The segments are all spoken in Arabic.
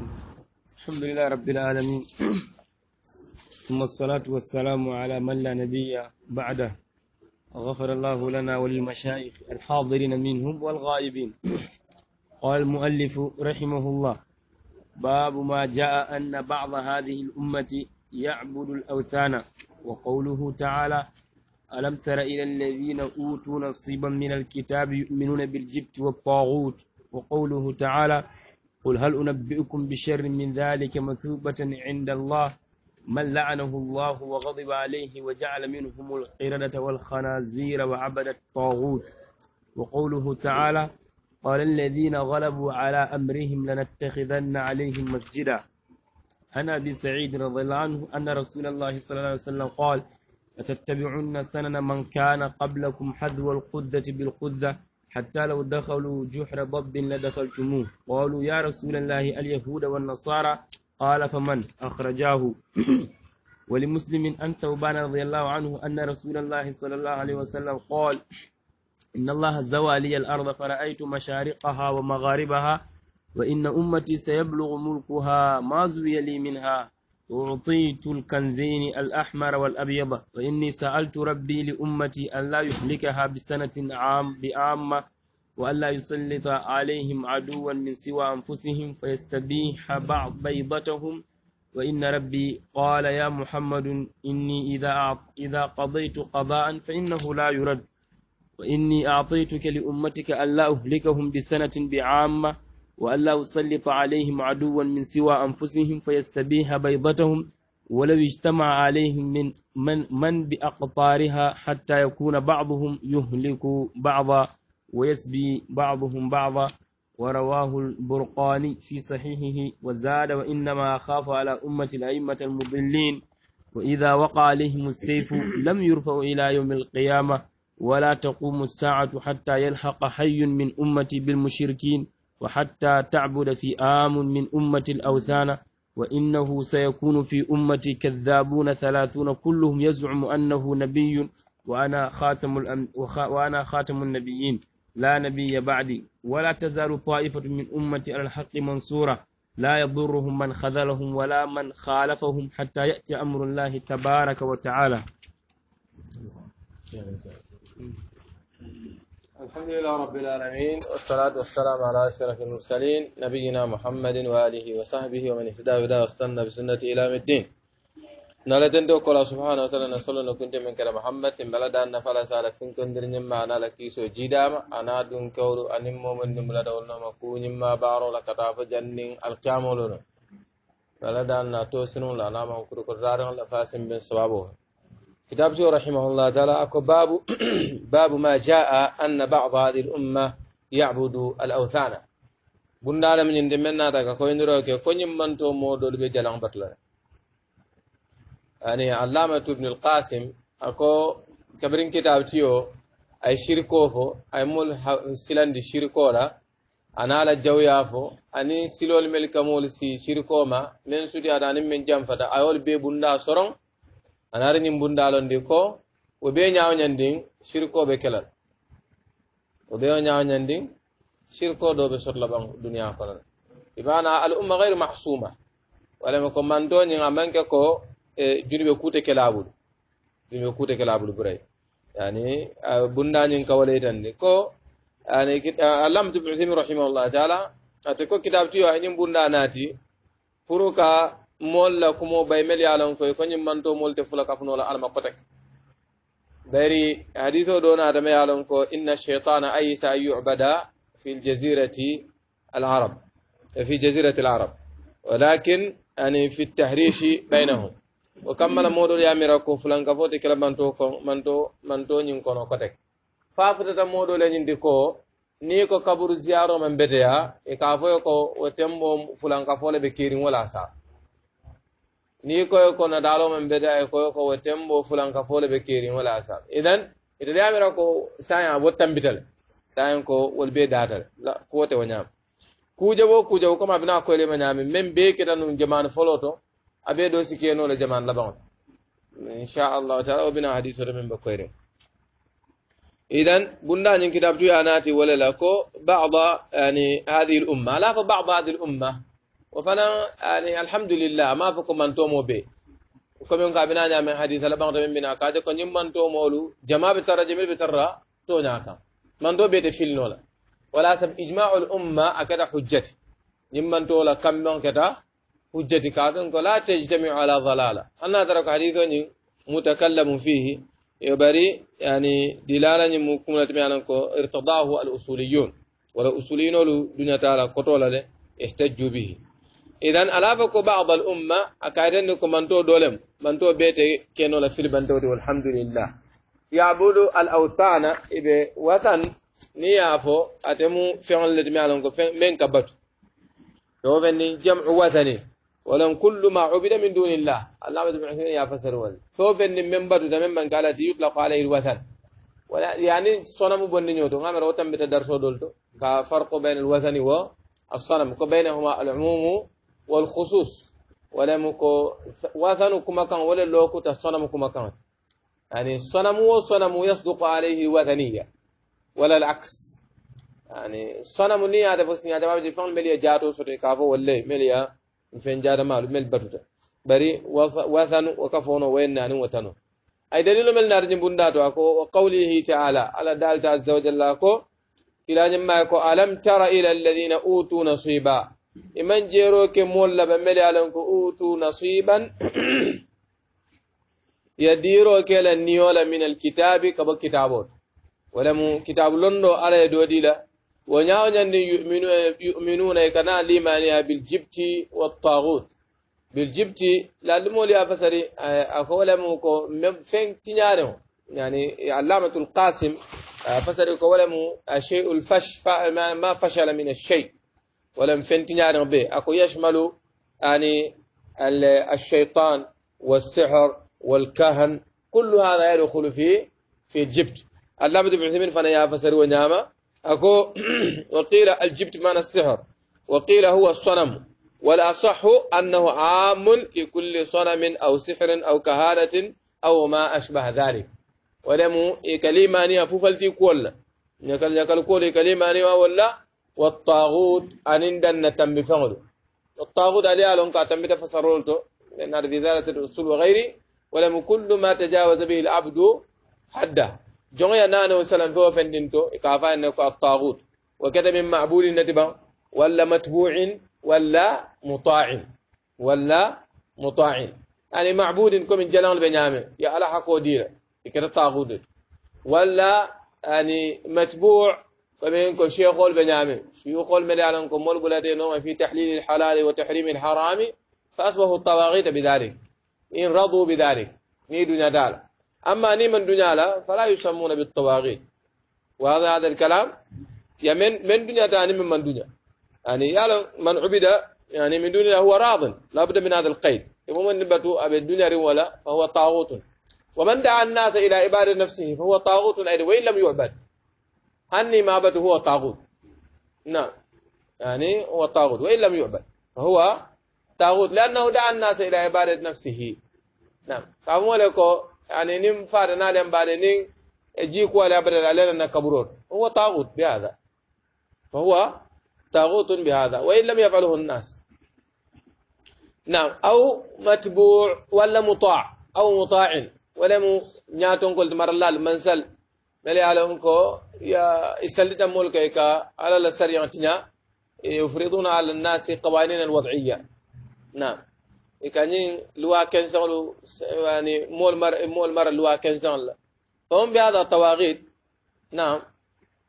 بسم الله الحمد لله رب العالمين ثم الصلاة والسلام على من لا نبي بعده غفر الله لنا وللمشايخ الحاضرين منهم والغائبين قال المؤلف رحمه الله باب ما جاء أن بعض هذه الأمة يعبد الأوثان وقوله تعالى ألم تر إلى الذين أوتوا نصيبا من الكتاب يؤمنون بالجبت والطاغوت وقوله تعالى قل هل أنبئكم بشر من ذلك مثوبة عند الله من لعنه الله وغضب عليه وجعل منهم القردة والخنازير وعبد الطاغوت وقوله تعالى قال الذين غلبوا على أمرهم لنتخذن عليهم مسجدا أنا أبي سعيد رضي الله عنه أن رسول الله صلى الله عليه وسلم قال أتتبعون سنن من كان قبلكم حذو القدة بالقدة حتى لو دخلوا جحر ضب لدخلتموه قالوا يا رسول الله اليهود والنصارى قال فمن أخرجاه ولمسلم أن ثوبان رضي الله عنه أن رسول الله صلى الله عليه وسلم قال إن الله زوى لي الأرض فرأيت مشارقها ومغاربها وإن أمتي سيبلغ ملكها ما زوي لي منها أعطيت الكنزين الأحمر والأبيض وإني سألت ربي لأمتي أن لا يهلكها بسنة عام بعامة وأن لا يسلط عليهم عدوا من سوى أنفسهم فيستبيح بعض بيضتهم وإن ربي قال يا محمد إني إذا إذا قضيت قضاء فإنه لا يرد وإني أعطيتك لأمتك أن لا أهلكهم بسنة بعامة وألا يسلط عليهم عدوا من سوى أنفسهم فيستبيح بيضتهم ولو اجتمع عليهم من من, من بأقطارها حتى يكون بعضهم يهلك بعضا ويسبي بعضهم بعضا ورواه البرقاني في صحيحه وزاد وإنما أخاف على أمة الأئمة المضلين وإذا وقع عليهم السيف لم يرفع إلى يوم القيامة ولا تقوم الساعة حتى يلحق حي من أمتي بالمشركين وحتى تعبد فئام من أمة الأوثان وإنه سيكون في أمتي كذابون ثلاثون كلهم يزعم أنه نبي وأنا خاتم, الأم... وخ... وأنا خاتم النبيين لا نبي بعدي ولا تزال طائفة من أمتي على الحق منصورة لا يضرهم من خذلهم ولا من خالفهم حتى يأتي أمر الله تبارك وتعالى الحمد لله رب العالمين والصلاة والسلام على أشرف المرسلين نبينا محمد وآله وصحبه ومن اهتدى بهداه واستنى بسنته إلى يوم الدين نالتن دوك الله سبحانه وتعالى نصلى أن كنت من كلام محمد إن بلد أن فلا سالك سن كن در نما أنا لك يسو جدام أنا دون كور أن مؤمن نملا ما كون ما بارو لك تعرف جنين الكامل لنا بلد أن ناتو سنون لنا من كرو كرارن لفاسم بن سوابوه كتاب رحمه الله تعالى أكو باب باب ما جاء أن بعض هذه الأمة يعبد الأوثان قلنا لمن يندمنا تاكا كوين روكي فنين من تو مودول بجلان بطلنا يعني علامة ابن القاسم أكو كبرين كتاب تيو أي شركو فو أي مول سلان دي شركو لا أنا على جويا فو أني سلول ملكمول سي شركو من سودي أداني من جنفتا أيول بيبونا سرون ana rini bundalondi ko wo ɓe ñawñandin sirkoɓe kelal wo ɓe o ñawñandin sirko ɗo ɓe sotla ɓan duniya konon imana al umma gayre mahsuma walama ko mantoñin a manke ko e kute kuute kelaɓuɗu be kute kelaɓuɗu buray yani bunda bundañin kawaleytandi ko yani alam bne uthamin rahimahullah taala atiko ko kitabe tuyo hañin bunda naati moolu la kumoo bay mel ye a loŋ koy ko ñiŋ mantoo moolu te fula kafunoo la alama kotek bari hadisoo doo naatama ye a loŋ ko inna cheitana ayisa an yubada fi ljazirati alarab fi jazirati alarab walakin ani fi tahrishi baynahum o kammala moɗol yamira ko fulanka fo te kela manto ko manto manto ñin kono kotek fafatata moɗol e ñindi ko ni ko kaburu ziyaro man mbeteya e ka foyo ko o tembo fulanka fo le ɓe kirin wala saa ni koyo kono daalo man beda e koyo ko tembo fulan ka fole be keri wala asab idan ita da mira ko sayan abo tambital sayan ko wal be datal la ko te wanyam kuje bo kuje ko ma bina ko le manyam men be kita nun jaman foloto abe do sikeno le jaman laban insha Allah ta'ala bina hadisu da men ba koyre إذن قلنا أن كتاب ياناتي ولا لكو بعض يعني هذه الأمة لا فبعض هذه الأمة وفنا يعني الحمد لله ما فيكم من تومو بي وكم يوم كابينا نعم حديث الله بعده من بناء كذا كن يوم من تومو لو جماعة بترى جميل بترى تونا كم من دو بيت فيل نولا ولا سب إجماع الأمة أكيد حجة يوم من تولا كم يوم كذا حجة كذا إنك تجتمع على ضلالة أنا ترى حديث كن متكلم فيه يبري يعني دلالة يمكن أن تمي كو ارتضاه الأصوليون ولا أصوليون لو دنيا تعالى كتولا له احتجوا به idan alafa ko ba'd al umma akaiden ko manto dolem manto bete keno la filbanto walhamdulillah yabudu al awthana ibe watan ni yafo atemu fi'l ladmi alon ko men kabatu to benni jam'u wathani ولم كل ما عبد من دون الله الله بن عثيمين يا فسر ول سوف ان من بدو من من قالت يطلق عليه الوثن ولا يعني صنم بن نيوتو غامر وتم بتدرسو دولتو كفرق بين الوثن والصنم وبينهما العموم والخصوص ولا مكو وثنو كما كان ولا لوكو تصنم كما كان يعني صنم وصنم يصدق عليه وثنية ولا العكس يعني صنم ني هذا بس يعني جماعه دي فون مليا جاتو سوري كافو ولا مليا فين جاد مال مل بتوتا بري وثن وكفون وين نان يعني وثنو اي دليل مل نار بنداتو اكو وقوله تعالى على دالت عز وجل اكو الى ما اكو الم ترى الى الذين اوتوا نصيبا iman jero ke molla be mele alan ko utu nasiban yadiro ke la niyola min alkitabi kaba kitabot wala mu kitabu londo ala e dodila wo ñawñande yuminuna e kana limaniya biljibti wattagut biljibti laaldumoli a fasari a kowalemu ko fen tiñare o yani allamatu lkasim a fasari ko walemu asheu ma fashal min alshey ولم فنتنيار به أكو يشمل يعني الشيطان والسحر والكهن كل هذا يدخل في في الجبت اللهم ابن عثيمين فانا يا فسر ونعمة أكو وقيل الجبت معنى السحر وقيل هو الصنم والأصح أنه عام لكل صنم أو سحر أو كهانة أو ما أشبه ذلك ولم كلمة أن فوفلتي كول يكال يكال كولي كلمة ولا والطاغوت أن دن تنبي فغلو الطاغوت عليها تم بتفسرولته لأن من رذالة الرسول وغيره ولم كل ما تجاوز به العبد حدا جمعي نانا وسلم فهو فندنتو إكافا أنك الطاغوت وكذا من معبود نتبا ولا متبوع ولا مطاع ولا مطاع يعني معبود كم جلال بنيامه يا الله حقو ديره إكرا الطاغوت ولا يعني متبوع فمن كو شيخ البنيامين شيوخ الملالن كو مول غلاتينو في تحليل الحلال وتحريم الحرام فاصبحوا الطواغيت بذلك ان رضوا بذلك ني دنيا دالا اما ني من دنيا لا فلا يسمون بالطواغيت وهذا هذا الكلام يا من من دنيا تاني من من دنيا يعني يا من عبد يعني من دنيا هو راض لابد من هذا القيد ومن نبت أبي الدنيا ولا فهو طاغوت ومن دعا الناس إلى عبادة نفسه فهو طاغوت أيضا وإن لم يعبد أني معبد هو طاغوت نعم يعني هو طاغوت وإن لم يعبد فهو طاغوت لأنه دعا الناس إلى عبادة نفسه نعم فهو لكو يعني نم فارنا لهم بعدين يجيك ولا أبدا علينا كبرون هو طاغوت بهذا فهو طاغوت بهذا وإن لم يفعله الناس نعم أو متبوع ولا مطاع أو مطاع ولا نياتون قلت مر الله المنسل mele ala unko ko ya e sallitammol kay ka alala sariyan tiña yufriduna ala nnasi qawanina alwadiya nam e kañin loi lu yani mol mar mol mar loi quinzeol la فهم بهذا طواغيت نعم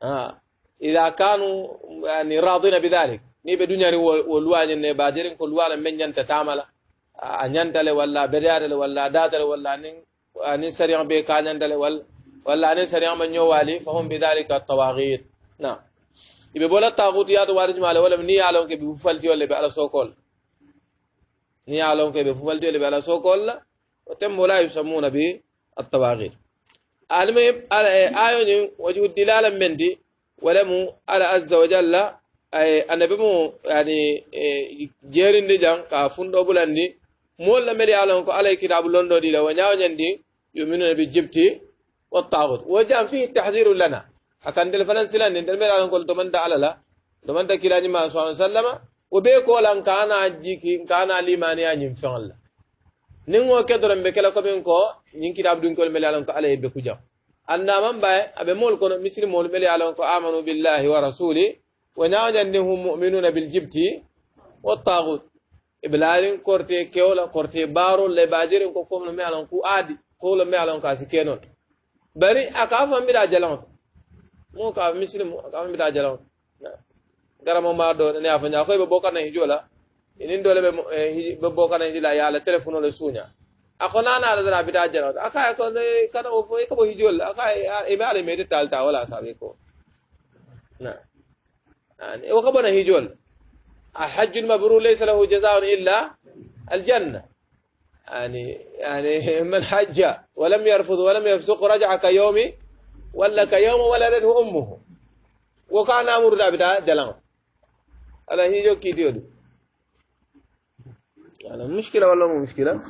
آه. إذا كانوا يعني راضين بذلك ni be duñani wo luwañin ne bajirin ko luwala men ñanta tamala a ñantale walla bedare le walla datale walla anin anin sariyan ولا أن سريع من يوالي فهم بذلك الطواغيت نعم يبي بولا طاغوت يا تو توارج مال ولا ني يعلون كي بفلتي ولا بي على سوكول ني يعلون كي بفلتي ولا بي على سوكول وتم ولا يسمون بي الطواغيت علم المهم آيون وجه الدلالة من دي ولم على عز وجل annabi mu yani jerindi jan ka fundo bulandi molla meri alon ko alay kitabu londo dila wa nyaaw nyandi yuminuna bi jibti والطاغوت وجاء فيه التحذير لنا أكن الفلنسلان دل المير نقول قلت دا على لا دا كلا ما صلى الله عليه وسلم وبيكو لأن كان أجيك كان لمانيا ينفع الله نمو كدرم بكلا كمين كو كتاب دون كل ملي كو عليه جام أنا من باي أبي مول كون مثل مول ملي كو آمنوا بالله ورسوله ونعج أنهم مؤمنون بالجبت والطاغوت إبلالين كورتي كيولا كورتي بارو لباجرين كو كوم لمي كو آدي كو لمي على كاسي كينون bari aka fan bida jalan mu ka muslim aka fan bida jalan garamo ma do ne afa nya ko be bokana hijola inin dole be be bokana hijila ya la telefono le sunya ako nana ala dara bida jalan aka ko ne kana o fo ko hijola aka e be ale mede talta wala sabe ko na ani o ko bana hijol الحج المبرور ليس له جزاء الا الجنه يعني يعني من حج ولم يرفض ولم يفسق رجع كيوم ولا كيوم ولدته أمه وكان أمر دابدا دلان على هي جو كيديو يعني مشكلة ولا مو مشكلة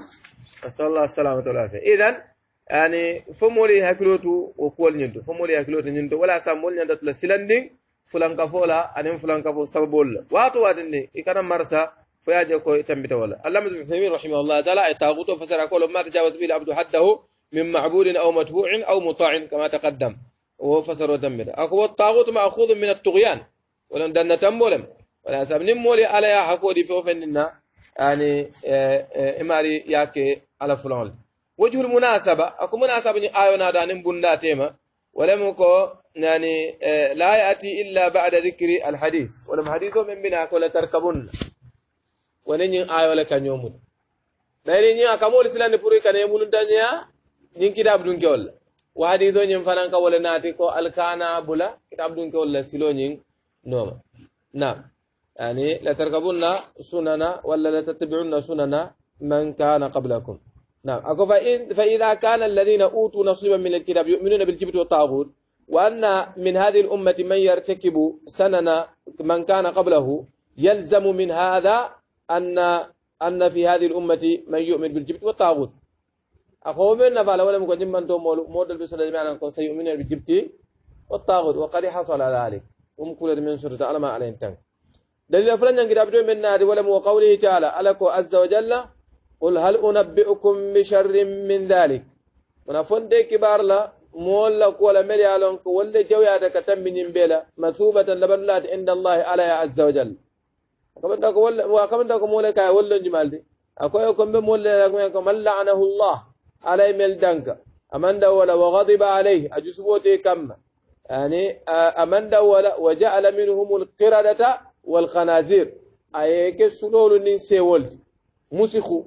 صلى الله السلامة والعافية إذا يعني فمولي هكلوتو وقول نينتو فمولي هكلوتو نينتو ولا سامول نينتو لسلندين فلان كفولا أنين فلان كفو سببول واتو واتني إكنا مرسا فيادي كو تنبت ولا علامة ابن عثيمين رحمه الله تعالى الطاغوت فسر اقول ما تجاوز به العبد حده من معبود أو متبوع أو مطاع كما تقدم وهو فسر وتنبت أكو الطاغوت مأخوذ من الطغيان ولم دنا تمولم ولا سبن مولي على يا حكو دي في وفننا يعني آه، آه، إماري ياكي على فلان وجه المناسبة أكو مناسبة آيونا دانم بندا تيما ولم يكو يعني آه، لا يأتي إلا بعد ذكر الحديث ولم حديثه من بنا كل تركبون wone ñiŋ ayo le ka ñoo muñ bayri ñiŋ a kamoolu silandi pour kana ye muluntañeya ñiŋ kitabu dunkewol le wo hadiso ñiŋ fanaŋ ka wo le naati ko alkana bula kitabu dunkewol le silo ñiŋ nooma naam yani latarkabunna sunana walla latattabiunna sunana man kana qablakum نعم أكو فإذا كان الذين أوتوا نصيبا من الكتاب يؤمنون بالجبت والطاغوت وأن من هذه الأمة من يرتكب سنن من كان قبله يلزم من هذا أن أن في هذه الأمة من يؤمن بالجبت والطاغوت أخو بيننا فعل ولا مقدم من دوم مودل بسلا جميعا سيؤمن بالجبت والطاغوت وقد حصل على ذلك أم كل من سورة على ما عليهم تنك دليل فلان كتاب دون من نار ولم وقوله تعالى ألك عز وجل قل هل أنبئكم بشر من ذلك من فندي كبار لا مولا كولا مليالون ولا جويا تكتم من بلا مثوبة لبلات عند الله على عز وجل كم انت قول وكم انت قول لك اول جمال دي اكو يكون بمول لك كم لعنه الله على مل دنك امن دول وغضب عليه اجسبوتي كم يعني امن دول وجعل منهم القرده والخنازير اي كسلول ني سيول مسخو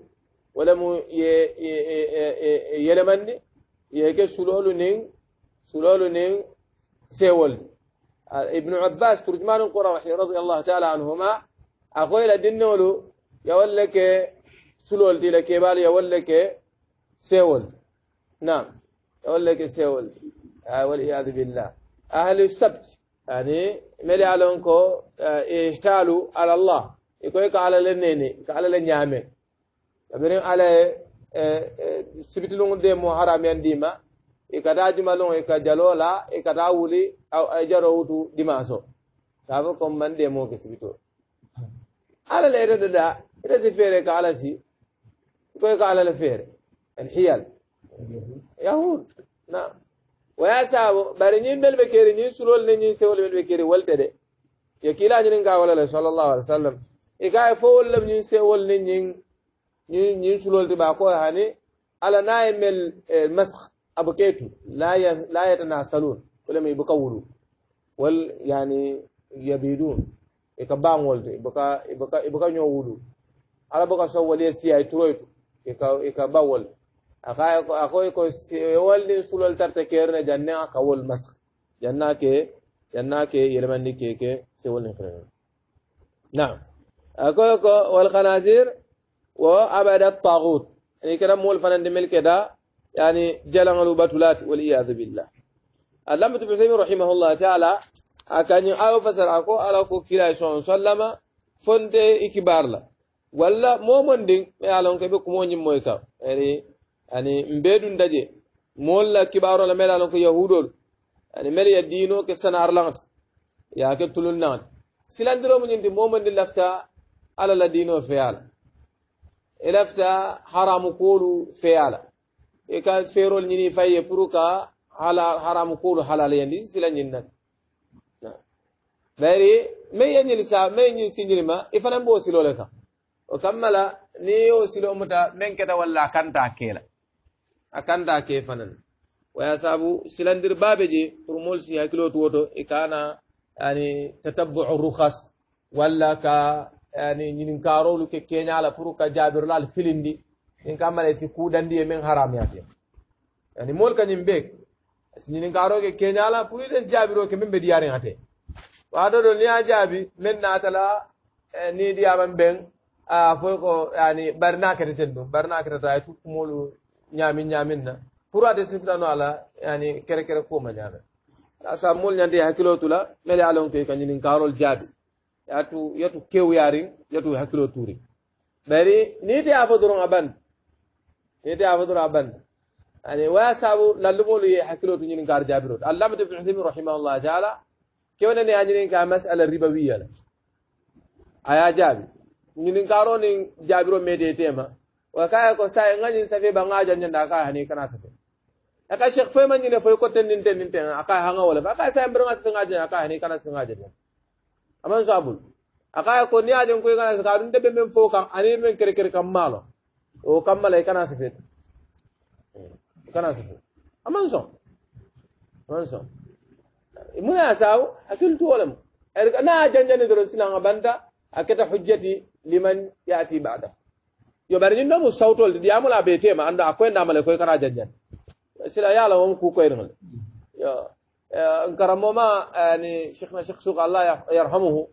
ولا مو ي يلمني ي كسلول ني سلول ني سيول ابن عباس ترجمان القرى رضي الله تعالى عنهما أخوي لدنولو يولك سلول تي لكيبال يولك سيول نعم يولك سيول آه، والعياذ بالله أهل السبت يعني ملي على أنكو آه، اهتالوا على الله يكويك على لنيني على لنيامي لبنين على sibiti lungu de mo haramen dima i kata juma lungu i ka jalo la i kata wuli jaro wutu dimaso kafo على الإيرة دا إذا سفيرة كعلى سي كويك على الفيرة الحيل يهود نعم ويا سابو بارنين بل بكيري نين سلول نين سول بل بكيري والتدي يكيلا جنين كاولا صلى الله عليه وسلم إكاي فول لم نين سول نين نين سلول تباكو هاني على نائم المسخ أبو كيتو لا لا يتناسلون ولم يبقولوا وال يعني يبيدون ba ka baŋolde e buka nyo wulu ala buka so wali siya e turoytu ba ka aka ako ko si wallin sulal tarte kerne janna ka kawol masq janna ke janna ke yelmani ke yelemandi keke sewolin kirenen na ako ko wal khanasir wo abada tagut ani kera fanan de melke da yani batulat wal iyad billah allambatu biusaimin rahimahullah taala akañi ayo fasara ko ala ko kila son sallama fonte ikibar la walla momon din ɓe alon ko ɓe kumoñim moy kam ani ani mbeɗum daje molla kibarola mbeɗa alon ko yahudol ani mbeɗa ya dino ke sanar lagata yake tulol nagata silandiromo ñinti momon ndi lafta ala la dino feyala e lafta haramu kolu feyala e ka ferol ñini faye pour ka hala haramu kolu halala yandi silañin nani bari mai ya nyilisa mai nyin sinjilima ifana mbo silo le kan o kammala ni yo silo muta men keta walla akanta kela akanta ke fanan waya sabu silandir babe je pour mol si hakilo to woto e kana yani tatabbu rukhas walla ka yani nyin karolu ke kenyala pour ka jabirul al filindi in kammala si kudandi men haram yati yani mol kanyim be nyin karoke kenyala pour des jabiro ke men be diyarin hate wato ɗo ni a jaabi min natala ni ɗiyaman ɓen a foy ko yani bari na keteten ɗum bari na keteta ay tukkumolu ñamin ñamin na pour ade sifitano ala yani kere kere kuoma ñamen asa mol ñande hakkilo tula mele alon koy kañinin karol jaabi yatu yatu kewyarin yatu hakkilo tuuri bari ni te afo doron a bande ni te afo doron a bande yani waya sabu lallumolu ye hakkilo tu ñinin kar jaabirot allama ibne uthaymine rahimahullah taala kewne ne añinin ka masala ribawiya la aya jaabi ñinin karo nin jaabiro medetema wa kaya ko saye ŋañin safe ba ŋa janjanda aka hani kana safe aka sheikh fema ñine foy ko ten nin ten nin ten aka hanga wala ba aka saye mbirŋa safe ŋa janja aka hani kana safe ŋa janja aman so abul aka ko ni ajan koy kana safe adun debe men fo kan ani men kere kere kam malo o kammala kana safe kana safe aman so aman so muna sawo hakkiltu wo lemu na janjani doron silanga banta a keta hujjati liman yati bada yo bari ñin ɗomu sawtolde diyamula be tema anda a koye namale koye kana janjani sila yala wom ku koyrengle yo nkaramo ma yani cheikhna cheikh souk allah yarhamuhu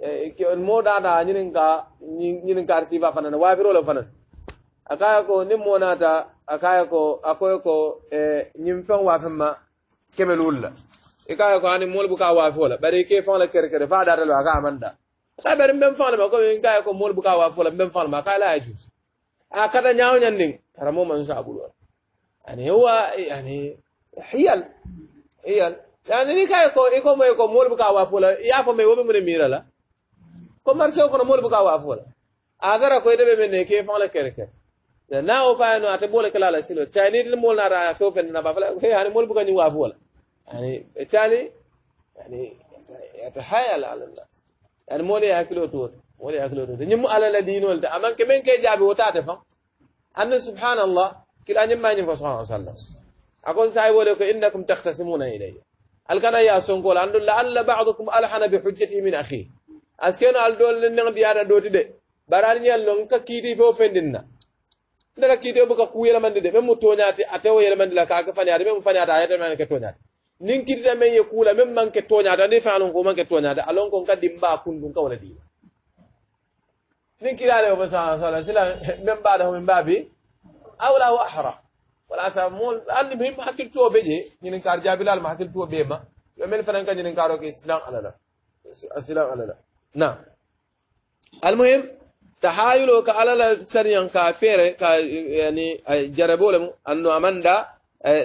en moɗaɗa ñinin ka ñinin ka ar sifa fanana wafirole fanana a kaya ko nin monata a kaya ko a koye ko ñin fen wafen ma keɓel wulla ika ko ani mol buka wa fola bari ke fon la kere kere fa dar lo aka amanda ka bari mbem fon ma ko min ka ko mol buka wa fola mbem fon ma ka la ju a kada nyaaw nyandin karamo man sa bulu yani huwa yani hiyal hiyal yani ni ka ko iko mo ko mol buka wa fola ya fo me wobe mun mira la ko marse ko no mol buka wa fola agara ko debe men ke fon la kere kere na o fa no ate bole kala la silo sai ni mol na ra fo fen na ba fala he ani mol buka ni wa fola يعني بالتالي يعني يتحايل على الناس يعني مولي ياكلو تور مولي ياكلوا تور نيم على الذين ولد اما كمن كي جابي وتاتي فهم ان سبحان الله كل ان ما ينفع صلى الله عليه وسلم اقول ساي ولك انكم تختصمون الي الكنا يا سونكول ان لعل بعضكم الحن بحجته من اخيه اسكن الدول نين ديادا دوتي دي barani nyallon ka kiti fo fendinna ndara kiti obuka kuyela mande de memu tonyati atewo yela mande la kaga fanyade memu fanyata ayata mande ka tonyati nin kirita men ye kula men manke toñata nde faalon ko manke toñata alon kon kadi mba kundun ka wala dina nin kirale o sa sala sila men mbaɗa homin mbabi awla wa ahra wala sa mo andi him hakkiltuwo ɓe je ñinin kar jabilal ma hakkiltuwo ɓe ma yo men fanan ka ñinin karo ke silan alala silan alala na almuhim tahayulo ka alala sariyan ka fere ka yani jarabole mu anno amanda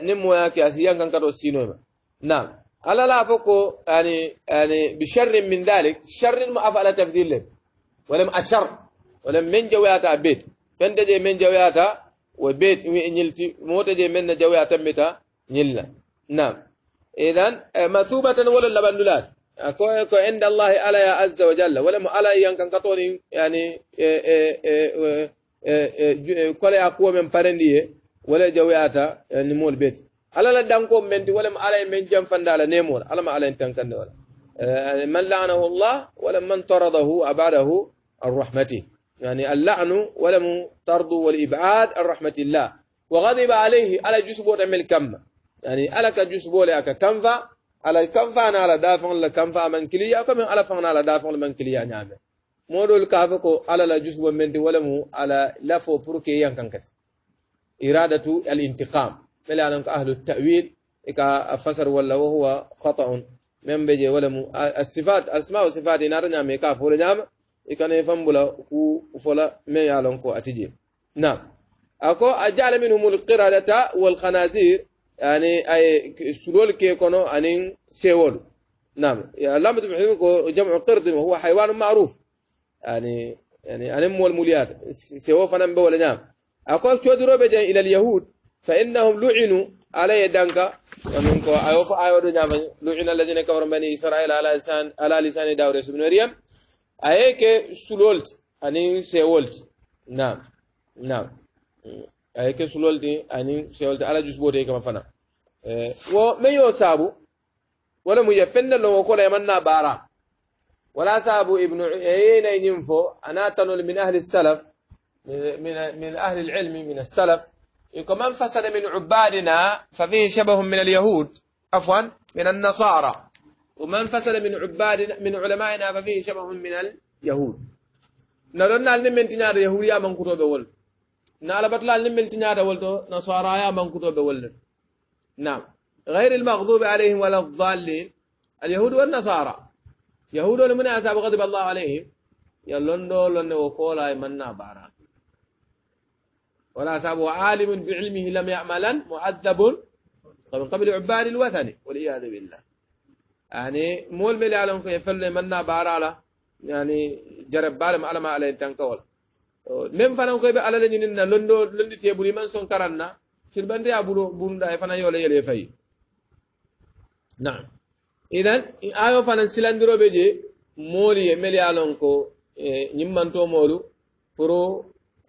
ni moya ke asiyan kan kato sinoyma نعم ألا لا فوقه يعني يعني بشر من ذلك شر ما أفعل تفديل له ولم أشر ولم من جوياتا بيت فانت جي من جوياتا وبيت نيلتي موت جي من جوياتا ميتا نيلا نعم اذا آه، مثوبة ولا لبندلات أكو عند الله ألا يا عز وجل ولم ألا ين كان كتوني يعني آه، آه، كل أقوى من فرندي ولا جوياتا يعني مول بيت ala la danko menti wala ala e men janfande ala nemola ala ma ala tankande wala eh, man la'anahu allah wala man taradahu abadahu an يعني اللعن ولم والإبعاد عن رحمة الله وغضب عليه على جسبو تعمل كم يعني ألك جسبو لك فا على كنفا أنا على دافع فا من كليا كم على فنا على دافع من كليا نعم مودو الكافكو على لا جسبو من ولم على لفو بروكي ينكنكت إرادة الانتقام بل أنك أهل التأويل إكا فسر ولا وهو خطأ من بيجي ولم الصفات أسماء وصفات نارنا نعم، ميكا فول نعم إكا نفهم بلا كو فلا من يعلم كو أتجي نعم أكو أجعل منهم القردة والخنازير يعني أي سلول كيكونو أنين سيول نعم علامة المحيطين جمع قرد وهو حيوان معروف يعني يعني أنم والموليات سيوفنا بولا نعم أقول شو دروبة إلى اليهود فإنهم لعنوا على يدانك ومنكم أيوف أيوة, أيوة،, أيوة، نعم. لعن الذين كفروا بني إسرائيل على لسان على لسان داود يوسف بن مريم أيك سلولت أني سيولت نعم نعم أيك سلولت أني سيولت على جزء بوري كما فنا أه، ومن يصابه ولم يفن لهم وقول يمنى بارا ولا سابو ابن عيين ينفو أنا تنول من أهل السلف من من أهل العلم من السلف يقول من فسد من عبادنا ففيه شبه من اليهود عفوا من النصارى ومن فسد من عبادنا من علمائنا ففيه شبه من اليهود نرنا لمن تنار يا من كتب ول نالبت لا لمن تنار ولتو نصارى يا من كتب ول نعم غير المغضوب عليهم ولا الضالين اليهود والنصارى يهود من اسباب غضب الله عليهم يلون دولون وقولا من بارك ولا أصابه عالم بعلمه لم يعملا معذب من قبل عباد الوثن والعياذ بالله يعني مول ملي علم كي فل منا بارالا يعني جرب بالم على ما عليه تنكول من فلان كي على لين لندو لندي تيبولي من سون كرنا سيربندي ابو بوندا فانا يولي يلي في نعم اذا ايو فانا سيلندرو بيجي مولي ملي علم كو إيه، نيمانتو مولو برو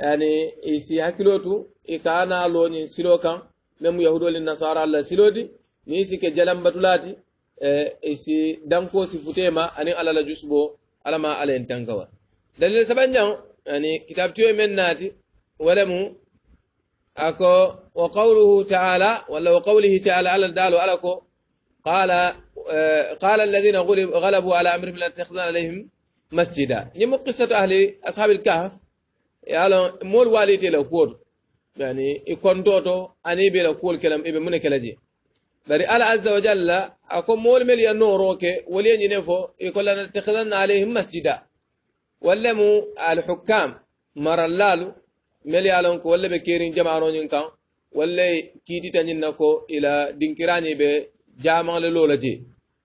يعني يسي هكلوتو إكانا لوني سلوكان مم يهودو للنصارى على سلوتي نيسي كجلم بطلاتي يسي دمكو سفوتيما أني على لجسبو على ما على انتنكوا دليل سبنجان يعني كتاب تيوي من ناتي ولمو أكو وقوله تعالى ولا وقوله تعالى على الدال وعلىكو قال قال الذين غلبوا على أمرهم من تخذن عليهم مسجدا نمو قصة أهل أصحاب الكهف e ala mool waalite la kuwoto yani i kontoto ani be la kuwol kelam ibe mune kela je bari ala azza wa jalla ako mool mel ya nooro ke woliye ñine fo i ko lanattakhidanna alayhim masjida walla mu alhukam marallalu mel ye alon ko walla ɓe kerin jamanoñin kan walla kiititañin na ko ila dinkirañi ɓe jamanle loola je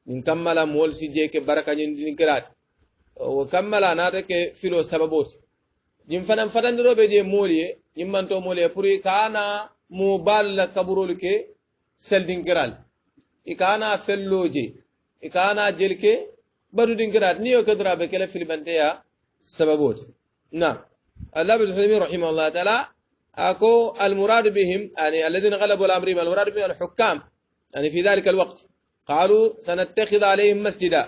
ñin kammala mool si je ke barakañin dinkirati wo kammala naata ke filo sababoti ñiŋ fanam fatandiro be je moliye ye ñiŋ manto moliye ye pour i ka na mubaalu la kaburolu ke seldinkiral i ka na felloo je i ka na jeli ke badudinkiraat niŋ yo ke dora be kala filbante ya sababot na allah bin husaymin rahimahullah taala أكو المراد بهم يعني الذين غلبوا الأمرين المراد بهم الحكام يعني في ذلك الوقت قالوا سنتخذ عليهم مسجدا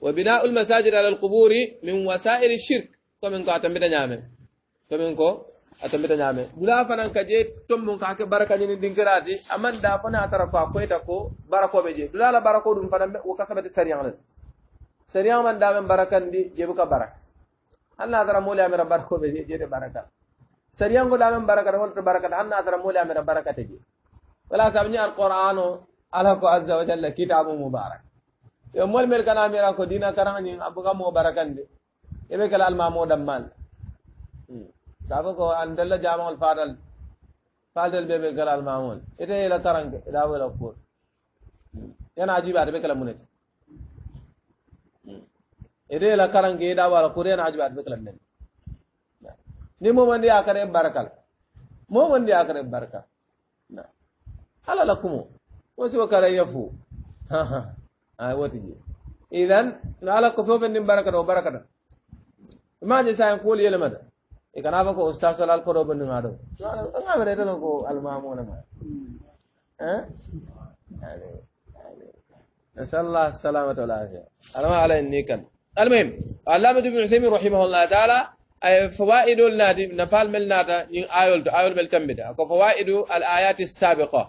وبناء المساجد على القبور من وسائل الشرك komin ko a tambita ñaame komin ko a tambita ñaame dula fanan ka je tommum ka ke baraka ñini dinkirati aman da fana a tara ko a koyta ko barakoɓe je dula la barako ɗum fana wo ka sabati sariyan le sariyan man damen barakandi jebu ka baraka anna a tara mooli amira barakoɓe je jede baraka sariyan go damen barakata holto barakata anna a tara mooli amira barakate je wala sabu ñi alquran o ala ko azza wa jalla kitabu mubarak yo mool mel kana amira ko dina karan ñin abuga mo barakande ebe kala almamo dammal saba ko an dalla jamawol fatal fatal be be kala almamol ite ila taranke ila wala ko yana ajiba de be kala munete ite ila karanke ida wala ko yana ajiba de be kala men ni mo mandi akare barakal mo mandi akare baraka na ala lakumo wasi wakara yafu ha ha ay wotije idan na ala ko fofen din baraka do baraka imagine sa en kuoli yele mata e kana fa ko ustad solal koɗo bonni ma ɗo ngaɓe ɗe tano ko almamuna ma نسأل الله السلامة والعافية أنا ما علي النيكن المهم علامة ابن عثيمين رحمه الله تعالى أي فوائد النادي نفال من نادا آيول آيول ملتمدة أكو فوائد الآيات السابقة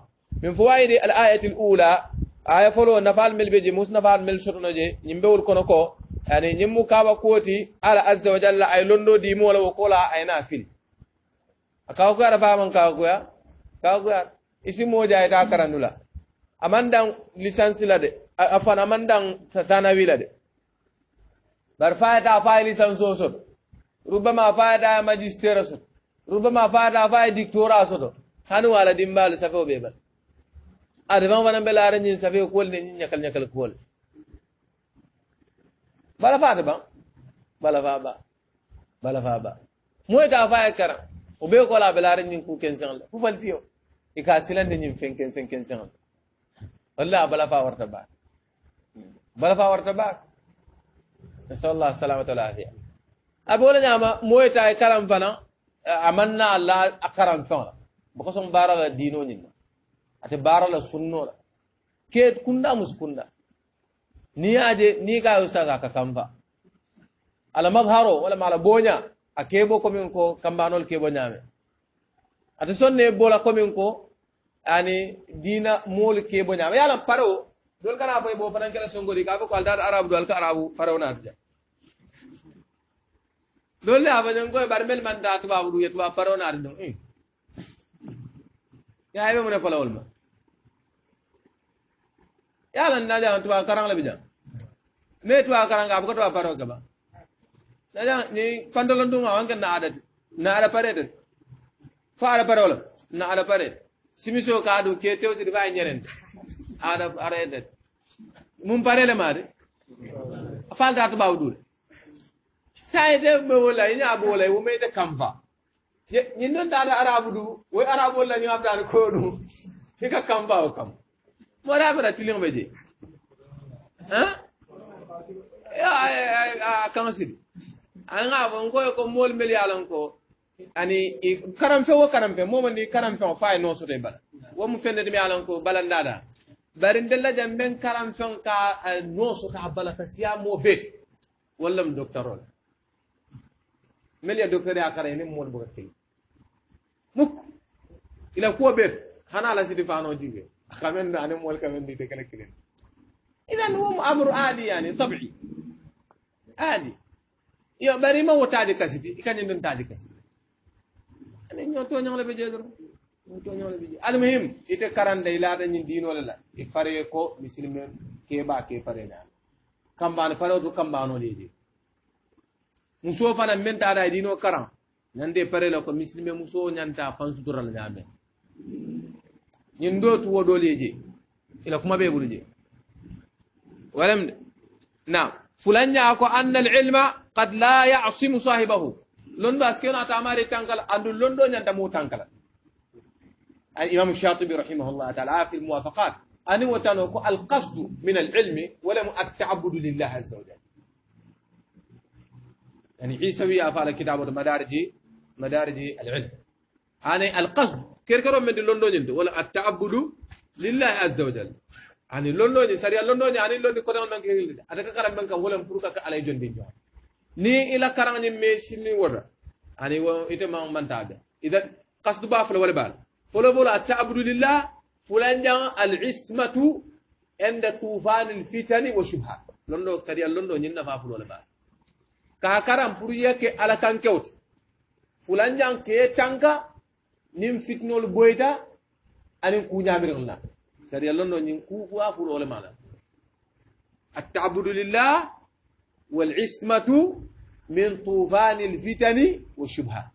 من فوائد الآية الأولى آية فلو نفال من بيجي موس نفال مل شرنجي نبيول كونكو yani ñimmu kaaba kooti ala azza wa jalla ay londo dimo wala wo kola ayna fil akawa kuyara faman kawa kuya kawa kuyara isi moja ay ta karanula amandan lisansi la de afan amandan sanawi la de bar fayata fayi lisanso soto rubama fayata magistera soto rubama fayata fayi dictora soto hanu wala dimbalu safeo ɓe bal adefan fanan ɓe laara ñin safeo kolne ñin ñakal ñakal koole bala fata ban bala fa ba bala fa ba moy ta fa kara o be ko la belare nyin ku ken sen fu fal tiyo e ka silan de nyin fen ken sen ken sen walla bala fa warta ba bala fa warta ba sallallahu alaihi wa sallam abe wala nyama moy ta karam fana amanna la akaram fana bako son bara la dino nyin ate bara la sunno la ke kunda mus kunda ni aje ni ka ustaz aka kamba ala madharo wala mala bonya akebo ko kambanol kebo nyame ata sonne bola ko min ani dina mol kebo nyame yala paro dol kana fay bo fanan kala songori ka ko aldar arab dol ka arabu paro na arja dol la abanyan ko barmel man da tuba budu yetuba na arja eh ya aybe mun falawol ma ya lan na jang tuba karang la bijang me tuba karang ga bugo tuba faro gaba na jang ni pandalan dunga wanka na adat na ada parede fa ada parola na ada parede simiso ka du ke tew sidi fa nyeren ada arede mum parele mari falta tuba wudu sai de be wala ina abu wala wo me de kamfa ñin non da ada arabu du wo arabu wala ni abdan ko du hika kamfa o kam mora bara tilin beje a kansiri an ga bon ko ko mol mel yalan ko ani karamfe wo karamfe mo man ni karamfe o fay no so de bala wo mu fende mi yalan ko balandada barin dalla jam ben karamfe ka no so ka bala ka siya mo be wallam doctorol mel ya docteur ya kare ni mol bo ka muk ila ko be hana la sidi fano jibe خمن عن أم الكمن دي تكلكلين إذا هو أمر عادي يعني طبيعي عادي يا بري ما هو تادي كسيتي كان يندن تادي كسيتي أنا يعني نيو تو نيو لبي جدرو نيو نيو لبي المهم إذا كران ليلا تني دين ولا لا إفري كو مسلم كيبا كيفري نعم كم بان فرو تو كم بانو ليجي muso fana men taata e ɗino karan ñande pare la ko misilme muso ñanta fan sutural ñamen ñin do tuwo doleje ila kuma be bulu je walam na fulanya ko anna al ilma qad la ya'simu sahibahu londo askeno ata mari tankala andu londo nyanta mu tankala al imam shatibi rahimahullah ta'ala fi al muwafaqat ani watano ko al qasd min al ilmi wala at ta'abbud lillah azza wa jalla يعني عيسوي أفعل كتابه مدارج مدارج العلم أنا القصد كركر من لندن ولا التعبد لله عز وجل ان لندن سريا لندن ان لندن كون من كيل ادك كرام بنك ولم بروك على جندي ني الى كرام ني مي سيني ورا ان ايت ما من تاب اذا قصد با فلو ولا بال فلو بول التعبد لله فلان جان العصمه عند طوفان الفتن والشبهات لندن سريا لندن ني نفا فلو ولا بال كا كرام بروك على كان كوت فلان جان كي تانكا nin fitnol boyta anin kuñamirin la sariya londo ñin ku fuwa fulo le mala attabudu lillah wal ismatu min tufani alfitani washubha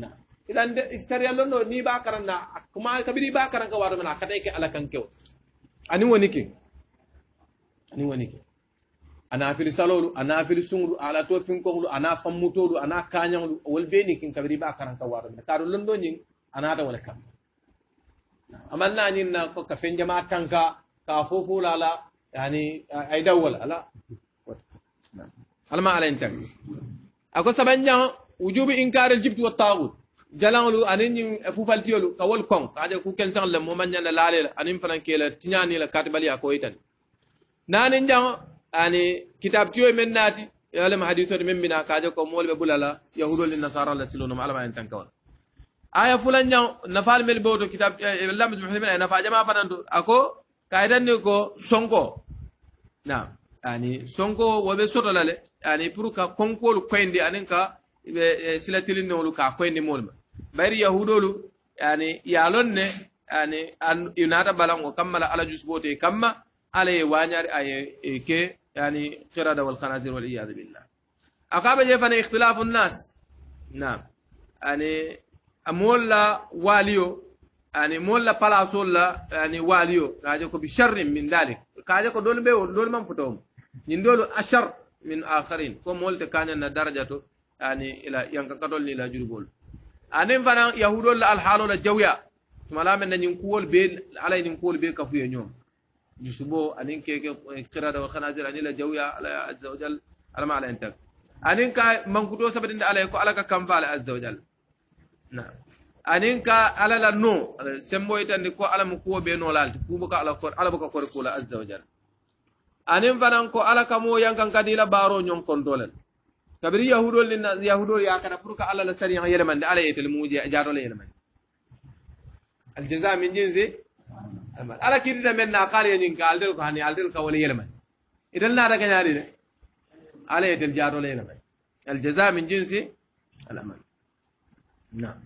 na idan sariya londo ni ba karanna kuma kabiri ba karanka wato mana katay ke alakan kew anin wonike anin wonike ana fili salolu ana fili sunglu ala to fin konglu ana fammutolu ana kanyanglu wal beni kin kabiri ba karanta waro me taru londo nyin ana ta wala kam aman na nyin na ko ka fen jama tanka ka fofu lala yani ay dawwal ala alma ala intam ako sabanya wujubi inkar al jibt wa taghut jalanlu anin nyin fufaltiyolu ka wal kong ka ku kensan le mo manya na lale anin fanan kele tinyani la katibali akoyitan nanin jama ani kitabtiyo men naati yalem hadisode men mbina kaje ko moolɓe ɓulala yahudol e nasara la silonoma alama en tanka wala aya fulan ñaw nafal mel ɓewto kitab lamdu muslimin ay nafa jama fananto ako kayitanni ko sonko nam ani sonko woɓe sotolale ani pour ka konkolu koyndi anin ka ɓe silatilinneolu ka koyndi moolu ma bayri yahudolu yani yalon ne yani an inata balan o kammala ala jusbote kamma ala ye wañari aye ke يعني قردة والخنازير والعياذ بالله أقاب جيفنا اختلاف الناس نعم يعني مولا واليو يعني مولا بلاسول يعني واليو كاجكو بشر من ذلك كاجكو دول بيو دول من فتوم ين أشر من آخرين كم مولت كان درجته يعني إلى ينككتول إلى جربول أنين فنا يهودول الحالول الجوية tumala men na ñin kuwol be alay ñin kuwol be جسبو أنين كي قرادة والخنازير أني لجويا على عز وجل على ما على أنتك أنين كا من كتو سبت إن عليكو على كم على عز وجل نعم أنين كا على لا نو سمو يتن كو على مكو بينو لالت كو على كور على بك كور كولا عز وجل أنين فنان كو على كمو ينكن كديلا بارو نيون كنترول kabiri yahudol ni yahudol yakata pour que allah la sariya yelemande ala yetel muje jarole yelemande aljaza min ala kirita men na kal yañin ka aldel ko hani aldel ka wala yelman itel naata gañaari de ala yetel jaatole yelman aljaza min jinsi alamal nam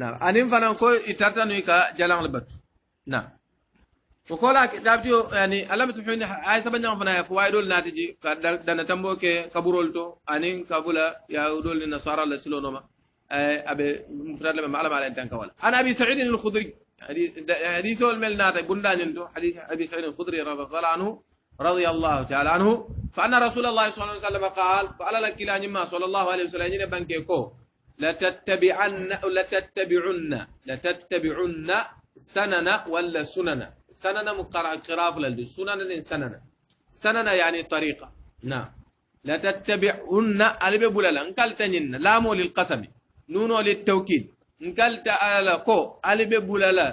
nam anin fanan ko i tartanuy ka jalangle battu nam ko kola dabtio yani alamatu huni ay saba ñang fana ya fo way dol natiji ka dana tambo ke kaburol to anin kabula ya dol ni nasara la silonoma abe mufradle ma alama ala tan kawala ana abi sa'id al-khudri حديثه الملنات بندان حديث أبي سعيد الخدري رضي الله عنه رضي الله تعالى عنه فأن رسول الله صلى الله عليه وسلم قال قال لك إلى نما صلى الله عليه وسلم جنة بنكيكو لتتبعن لتتبعن لتتبعن سنن ولا سنن سنن قراف للدي سنن سنن يعني طريقة نعم لتتبعن ألبي بولا لا تنين لامو للقسم نونو للتوكيد nkalta alala ko ali be bulala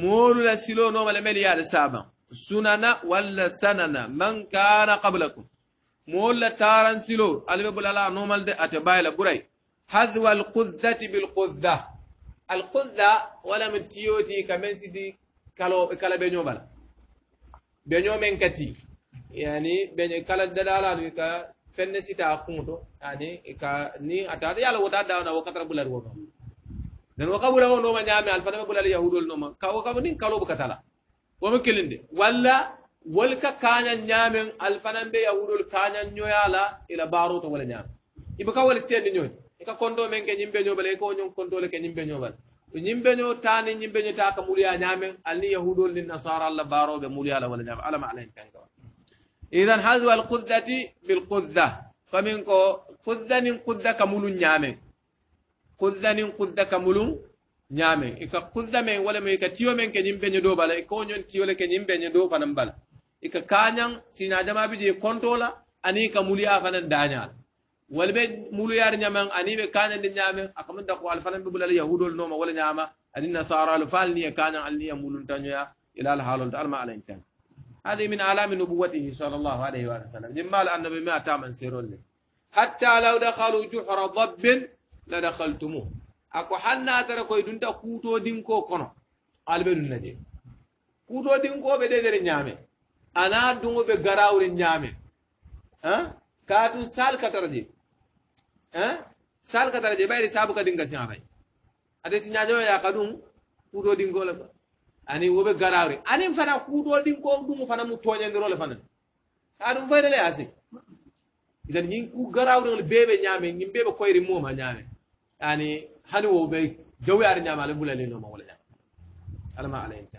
moolu la siloo nooma le mel yaade saaban sunana walla sanana man kana qablakum moolu la taaran siloo ali be bulala noomal de ate baye la buray hadwa alquddati bilqudda alqudda walama tiyoti kamen sidi kalo kala be ñoobala be ñoomen kati yani be kala dadalaanu ka fenne sita kunto ani ka ni ataata yalla wota dawna wo katara bular wo noon dan wo kabula wo nooma ñaame al fana be bula al yahudol nooma ka wo kabu nin kalo buka tala wo mu kilinde walla wol ka kaña ñaamen al fana be yahudol kaña ñoyala ila baroto wala ñaame ibu ka wol sendi ñoy e ka kondo men ke ñimbe ñobale ko ñon kontole ke ñimbe ñobale to ñimbe ño tani ñimbe ño taka mulya ñaamen al ni yahudol ni nasara alla baroɓe mulyala wala ñaame alama alahen kankawa idan hadu al qurdati bil qurda famin ko qudda nin qudda ka mulu ñaamen kudda nin kamulu nyame ika ñaamen i ka kudda men wala mo i tiyo men ke ñiŋ beñe bala ika ko ñoŋ tiyo le ke ñiŋ beñe doo fanaŋ bala i ka kaañaŋ sina jama bi je ani ika muli muliya fanaŋ daañaa la wala be muluyaari ñameŋ ani be kaañandi ñaameŋ nyame kaman dako ali fanaŋ be bula la yahudol ma wala nyama ani nasaralu fa ali niŋ ye kaañaŋ ali niŋ ye muluntañoya ila al haalol alma alayin kan هذه من علام نبوته صلى الله عليه وآله وسلم جمال أنه بما تعمل سيرون حتى لو دخلوا جحر ضب la dakhaltumu ako hanna tara koy dunta kuto din ko kono albe dun je kuto din ko be de dere nyame ana dungo be garawre nyame ha katu sal katarje ha sal katarje bayri sabu ka sin sinabay ade sin sinyajo ya kadum kuto din dinko la ani wobe garawre anin fana kuto din dinko dum fana mu toñendiro le fana kadum le asi idan yin ku garawre bebe nyame yin bebe koyri moma nyame يعني هل هو بي جو يعني ما لبلا لنا ما ولا على ما عليه إنت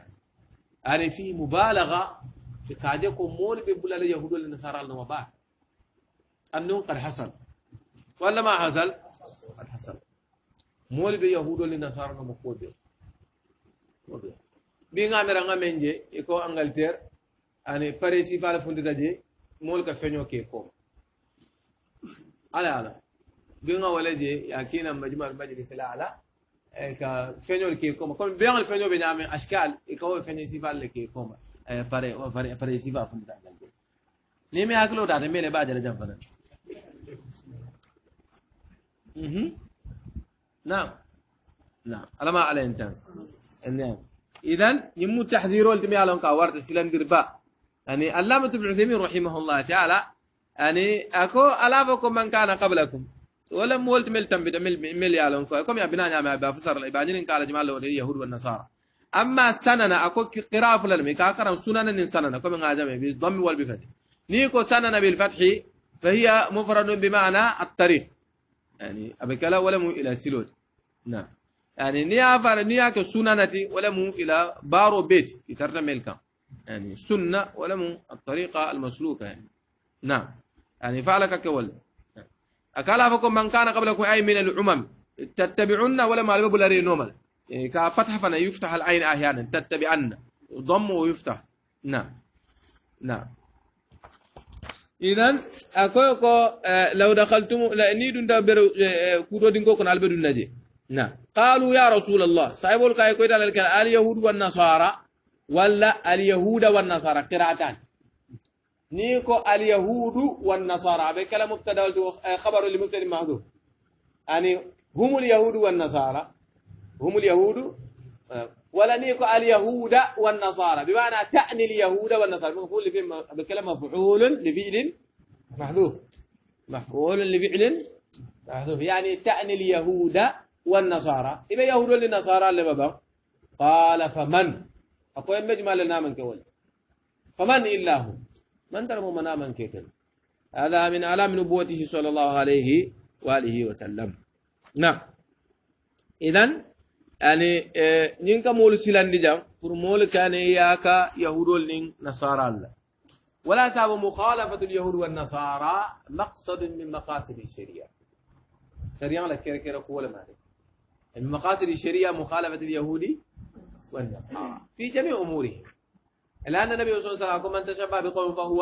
يعني في مبالغة في كاديكو مول ببلا اليهود والنصارى لنا بعد النون قد حصل ولا ما حصل قد حصل مول بيهود والنصارى لنا مقود bi nga amera nga menje iko Angleterre ani Paris fa la fundita مول mol كيكو على على بينغا ولدي جي يكينا مجمع المجلس الأعلى كفنيو الكيكوما كون بينغ الفنيو بنعمل أشكال يكون فنيو سيفا الكيكوما فري فري فري سيفا فندق نيمي أكلو تعرف مين بعد اللي جنبنا نعم نعم على ما على انت نعم إذن يمو تحذيرو التمي على انكا وارد سلندر با يعني علامة ابن عثيمين رحمه الله تعالى يعني أكو ألافكم من كان قبلكم ولم ملت مل تم بدا مل مل يالون فكم يا بنان يا ما بفسر الابانين قال جمال لو اليهود والنصارى اما سننا اكو قراف للمي إيه كاكرم سنن سننا كم غادم بالضم والبفتح نيكو سنن بالفتح فهي مفرد بمعنى الطريق يعني أبكلا ولم إلى سلوت نعم يعني نيا فر نيا ولا مو إلى بارو بيت كترنا ملكا يعني سنة مو الطريقة المسلوكة يعني نعم يعني فعلك كول akala fako man kana qablakum ay min al-umam تتبعن ولا ما لبب لري نومل إيه كفتح فانا يفتح العين احيانا تتبعن ضم ويفتح نعم نعم idan akoy ko law dakhaltum la ni dun dabbere kuto din ko kon albe dun naje na qalu ya rasulullah sahibul kay ko dalal kal al yahud wan nasara walla al yahud wan nasara qira'atan نيكو اليهود والنصارى بكلام مبتدا خبر لمبتدا محذوف يعني هم اليهود والنصارى هم اليهود آه، ولا نيكو اليهود والنصارى بمعنى تعني اليهود والنصارى مفعول لفعل بكلام مفعول لفعل محذوف مفعول لفعل محذوف يعني تعني اليهود والنصارى إما يهود للنصارى اللي بابا قال فمن أقول مجمل لنا من كول فمن إلا هو من ترى منام من كيتل هذا من علام نبوته صلى الله عليه وآله وسلم نعم إذن يعني آه، نين كمول سيلان دي جام pour مول كان ياكا يهود نين نصارى الله ولا سبب مخالفة اليهود والنصارى مقصد من مقاصد الشريعة سريعا كيرا كيرا قول ما من يعني مقاصد الشريعة مخالفة اليهود والنصارى في جميع أمورهم الآن النبي صلى الله عليه وسلم من تشبع بقوم فهو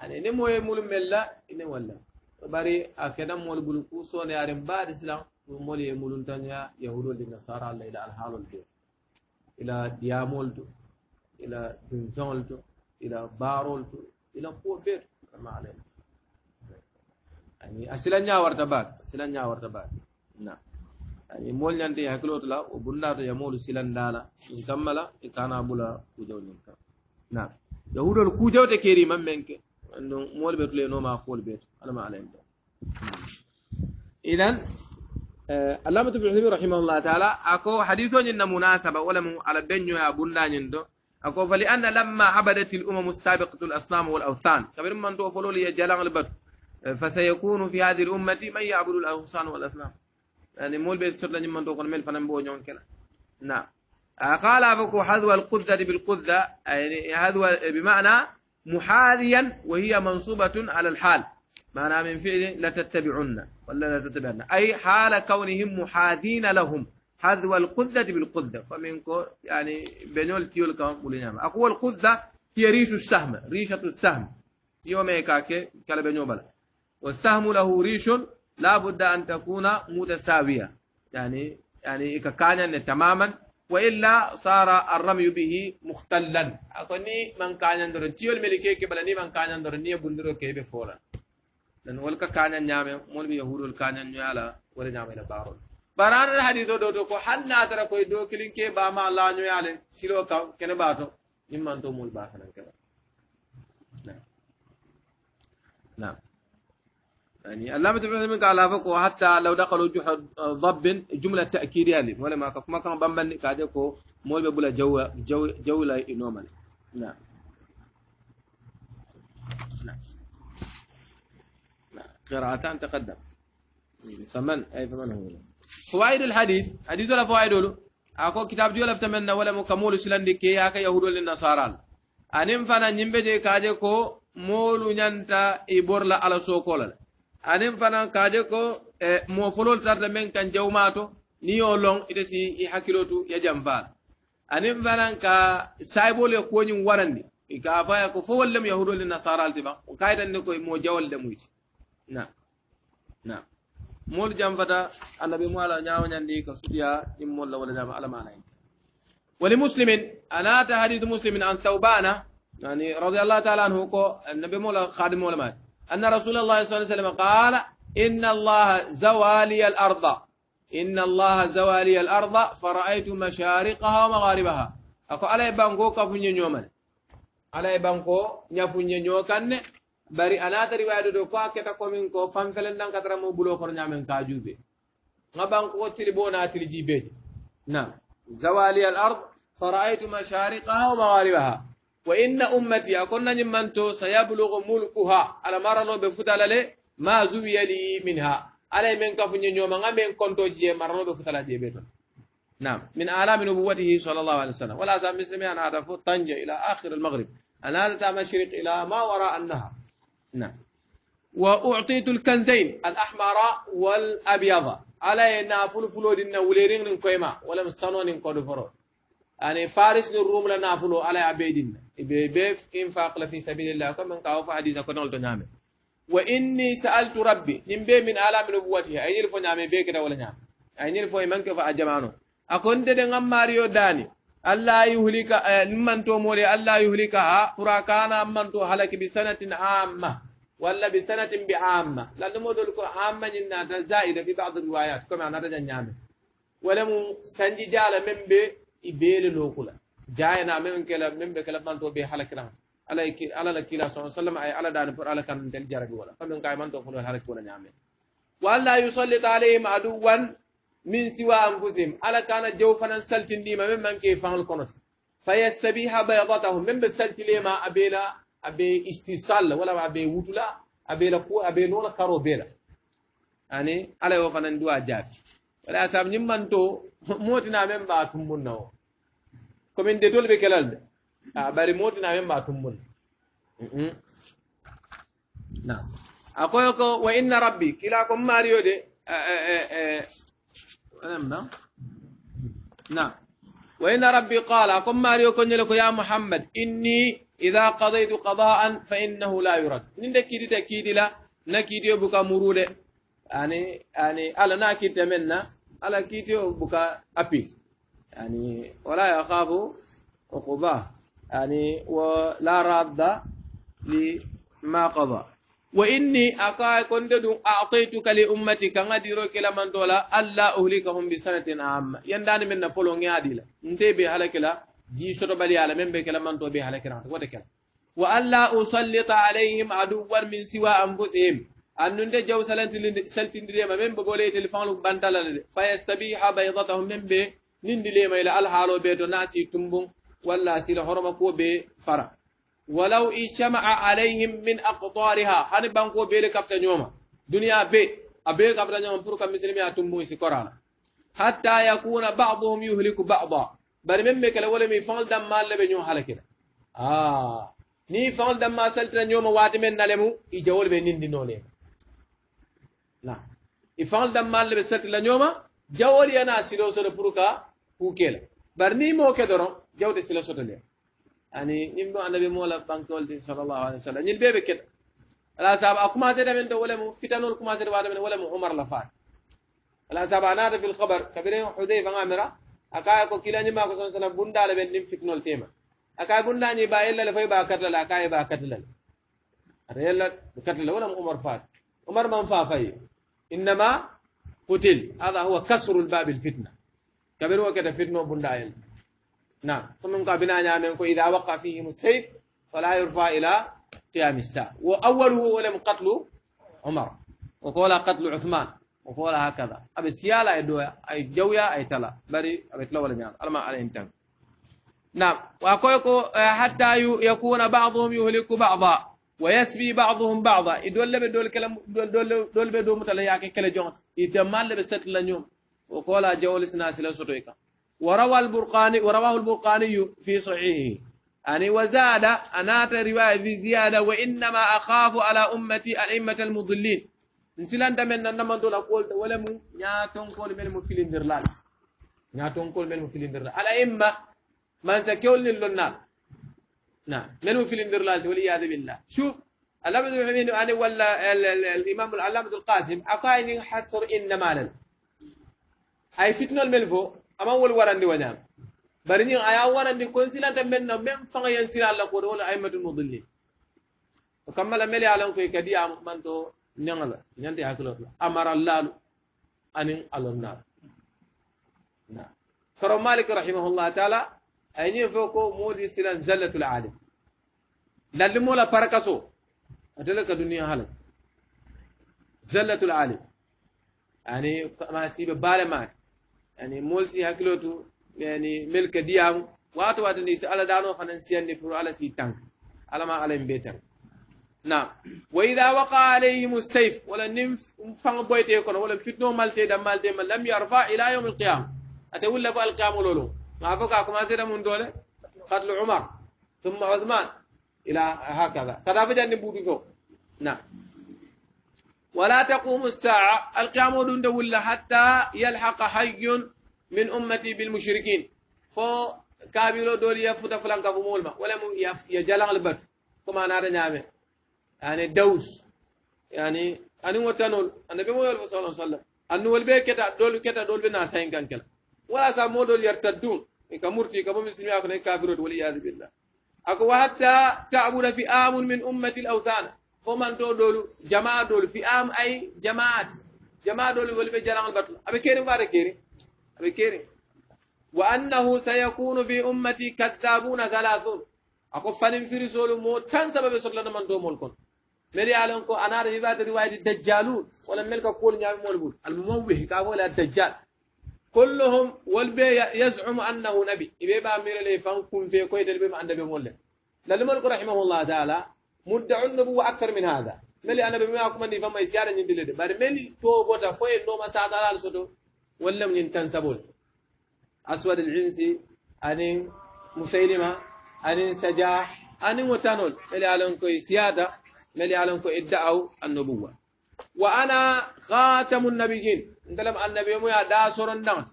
يعني إني مو مول ملا إني ولا باري أكيد مول بلوكو سون يا رب بعد الإسلام مول يمول تانيا يهود اللي نصارى إلى الحال الدو إلى ديامول دو إلى دنزول دو إلى بارول دو إلى بوبير كما علينا يعني أسلنيا ورتبات أسلنيا ورتبات نعم يعني مول ينتي هكلوت لا وبنات يمول سيلان دالا نكمل كان ابولا كوجو نكا نعم يهودو الكوجو تكيري من منك انه مول بيت لينو ما قول بيت انا ما عليه اذا علامة ابن عثيمين رحمه الله تعالى أكو حديث إن مناسبة ولم على بنيو يا بندان يندو أكو فلأن لما عبدت الأمم السابقة الأصنام والأوثان كبير من توفلوا لي جلال البر فسيكون في هذه الأمة من يعبد الأوثان والأصنام يعني مول بيت سر لني من كون مل فنم بو كلا نعم آه، قال فكو حذو القذة بالقذة يعني هذا بمعنى محاذيا وهي منصوبة على الحال معنى من فعل لتتبعن ولا لتتبعن أي حال كونهم محاذين لهم حذو القذة بالقذة فمنكو يعني بنول تيول كون نعم أقوى القذة هي ريش السهم ريشة السهم يوم كاكي كلا بنوبل والسهم له ريش لا بد أن تكون متساوية يعني يعني كان تماما وإلا صار الرمي به مختلا أكوني من كان يندر تيو الملكي كبلني من كان يندر نية بندر كيبي فورا لأن ولك كان ينام مول بيهور الكان نعلا ولا نعم إلى بارون بران الحديث دو دو كو حد ناتر كوي دو كلين كي باما الله نعلا سيلو كاو كن باتو إمان تو مول باسنا كلا نعم نعم يعني اللام تبين قال فكو حتى لو دخلوا جح آه، ضب جملة تأكيدية يعني ولا ما كف ما كان بمن كاديكو مول بلا جو جو جو لا نعم نعم, نعم. قراءتان تقدم فمن أي فمن هو فوائد الحديث حديث ولا فوائد ولا أكو كتاب جو لفتمنا ولا مكمول سلندي كي هكا يهود للنصارى انم فانا كاجي كو مولو نانتا إبورلا على سوكولا anin fana kaje ko e mofolol sarta men kan jawmato ni yo lon ite si i hakkilotu ya jamfala anin fanan ka saybol e koñum warandi ka faya ko fo wallem yahudol e nasaral ti ɓan o kayitande koye mo jawal le muyti nam nam moolu jamfata annabi mu ala ñawañandi ka sutiya ɗimmolla walla ñama alamana inta wali muslimin anata hadithu muslimin an thawbana yani radiallahu taala anhu ko annabi mola khadimole maati أن رسول الله صلى الله عليه وسلم قال إن الله زوالي الأرض إن الله زوالي الأرض فرأيت مشارقها ومغاربها أقول على إبانكو كفن ينوما على إبانكو نفن ينوكن بري أنا تريد أدو دوكو أكتا كومينكو فانفلن دان كترم بلو خرنا من كاجوبي نبانكو تلبونا تلجي بيت نعم زوالي الأرض فرأيت مشارقها ومغاربها وإن أمتي أكون نجمانتو سيبلغ ملكها على مرانو لو بفتالة ما زوي لي منها على من كفن يوم من كنتو جيه مرة بفتالة جيه بيتون نعم من آلام نبوته صلى الله عليه وسلم ولا زال مسلم أن هذا طنجة إلى آخر المغرب أن هذا مشرق إلى ما وراء النهر نعم وأعطيت الكنزين الأحمر والأبيض على أن فلفلو دين وليرين كويما ولم مستنون كودفرو يعني فارس للروم لنا فلو على عبيدنا ɓe be infaqla fi sabilillah comme en kawo fo hadisa konool to ñaame wa inni sa'altu rabbi nin be min ala min buwatihi ay ñil fo ñaame be kita wala ñaame ay ñil fo e manke fo a jamano akon dede ngam mario dani alla yuhlika manto mole alla yuhlika ha pura kana manto halaki bi sanatin amma walla bi sanatin bi amma lanno modol ko amma nyin na da zaida fi ba'd riwayat comme anata janyame wala mu sanji jala membe ibele lokula جاينا ميم كلا ميم بكلا من توبي حالا كلام على كي على لا كلا سون سلم أي على دان بور على كان من تلجارة جوالا فمن كاي من توبي حالا كولا نعمل ولا يصلي عليهم أدوان من سوى أنفسهم على كان جو فن سلتين دي ميم من كي فان الكونت فيستبيها بيضاتهم ميم بسلت لي ما أبيلا أبي استيصال ولا أبي وطلا أبيلا كو أبي نولا كارو يعني على وفن دوا جاف ولا سامن من تو موتنا ميم باكم منو كمين دول بكلال ده باري موت نعمين ما تمون نعم أقول لك وإن ربي كلاكم ماريو دي نعم نعم وإن ربي قال أقول ماريو كن لك يا محمد إني إذا قضيت قضاء فإنه لا يرد نين ده كيدي ده كيدي لا نكيدي بك مرولة يعني يعني ألا ناكيد منا ألا كيدي بك أبيز يعني ولا يخاف عقباه يعني ولا راد لما قضى وإني أكا كنت أعطيتك لأمتك غديرو كلا من دولا ألا أهلكهم بسنة عامة يندان من نفولون ياديلا انت بهلك لا جي شرو بالي على من بكلا من تو بهلك لا ودك وألا أسلط عليهم عدوا من سوى أنفسهم أن ند جو سلتين دريما من بقولي الفانو بانتالا فيستبيح بيضتهم من بي nindilema ila alhaaloɓe to na si tumbun walla sila horoma kuwo ɓe fara walaw ijtama'a alayhim min aqtariha hani banko ɓeɗe kafta ñooma duniya be a be kafta ñooma pour que misilimi a tumbun si korana hatta yakuna baduhum yuhliku bada bari men ɓe kala wolemi faŋol dammalle ɓe ñoo halakira a ni faŋol damma saltira ñooma waati men nalemu i jawol ɓe nindinolema na i faŋol dammalle ɓe saltira ñooma جواري أنا سيلو سر بروكا بوكيل برني مو كدرون جواري سيلو سر ليه يعني نبي أنا بمولا بانكول دي صلى الله عليه وسلم نجيب بكت لا سب أكما زيد من دولة مو فتنة أكما زيد وارد من دولة مو عمر لفاس لا سب أنا أعرف الخبر كبرين حدي فما مرا أكاي أكو كلا نجيب أكو سنة بندا على بندم فتنة التيمة أكاي بندا نجيب أيلا لفوي باكتلا أكاي باكتلا أريلا بكتلا ولا مو عمر فات عمر ما فافي إنما قتل هذا هو كسر الباب الفتنة كبير وكذا فتنة بندائل نعم ثم قابلنا نعمين إذا وقع فيهم السيف فلا يرفع إلى قيام الساعة وأوله لم قتل عمر وقول قتل عثمان وقول هكذا أبي سيالة يدويا أي جويا أي تلا بري أبي تلو لم يعلم ألم على إنتان نعم وأقول حتى يكون بعضهم يهلك بعضا ويسبي بعضهم بعضا يدول إيه لب دول كلام دول دول دول بدو متل تلا ياك كلا جون يتمال إيه لب ست لنيوم وقولا جول سناس لا سوتيكا وروى البرقاني ورواه البرقاني في صحيحه أني وزاد أنا رواية في زيادة وإنما أخاف على أمتي الأئمة المضلين نسلان دمن نما دولا قول ولا مو يا تون قول من مفيلين درلال يا تون قول من مفيلين على إما ما سكول للنار نعم من هو في الميرلالتي والعياذ بالله شوف الابد الحميد انا ولا الامام العلامه القاسم اعطاني حصر ان مالا اي فتنه الملفو اما اول ورندي ونام برني ايا ورندي كونسيلا تمن من فغ ينسيلا الله قول ولا ائمه المضلين وكمل ملي على كي كدي ام من تو نغلا نعم. نعم، ننتي اكلوا امر الله ان النار نعم كرم مالك رحمه الله تعالى أيني فوكو موزي سيران زلة العالم لا للمولا فاركاسو أتلقى الدنيا هلا زلة العالم يعني ما سيب بالمات يعني موزي هكلوتو يعني ملك ديام واتو واتو نيس على دانو خنسيان نفرو على سي تانك على ما على مبيتر نعم وإذا وقع عليهم السيف ولا نمف مفان بويته يكون ولا فتنو مالتي دم مالتي لم يرفع إلى يوم القيامة أتقول لك القيامة لولو معفوك أكما من دوله قتل عمر ثم عثمان إلى هكذا كذا فجأة نبودي فوق نعم ولا تقوم الساعة القيام دون دول حتى يلحق حي من أمتي بالمشركين فو كابيلو دول يفوت فلان كفو مولما ولا يجلع البرد كما نار نعمه يعني دوس يعني أنا وتنول النبي محمد صلى الله عليه وسلم أنو البيت كتا دول كتا دول بنا سين كان كلا ولا سامودول يرتدون إن كمرتي كم مسلمي أكون كافر والعياذ بالله أكو حتى تعبد في آم من أمة الأوثان فمن تو دول جماعة دول في آم أي جماعة جماعة دول في جلال البطل أبي كيري مبارا كيري أبي كيري وأنه سيكون في أمتي كذابون ثلاثون أكو فنم في رسول مو كان سبب سلنا من دوم كون مري علم كو أنا رهيبات رواية الدجالون ولم ملك قول نعم مولبول المموه كابول الدجال كلهم والبي يزعم أنه نبي يبي با مير لي فانكم في كويد البي ما النبي مولد للملك رحمه الله تعالى مدع النبوة أكثر من هذا ملي أنا بما أكم أني فما يسيارة ني دي بار ملي تو بوتا فوي نو ما نوما سادة ولا من تنسبول أسود العنسي اني مسيلمة اني سجاح اني وتانول ملي أعلنكو سياده ملي أعلنكو ادعوا النبوة وأنا خاتم النبيين نتلم النبي مو يا داسور النغت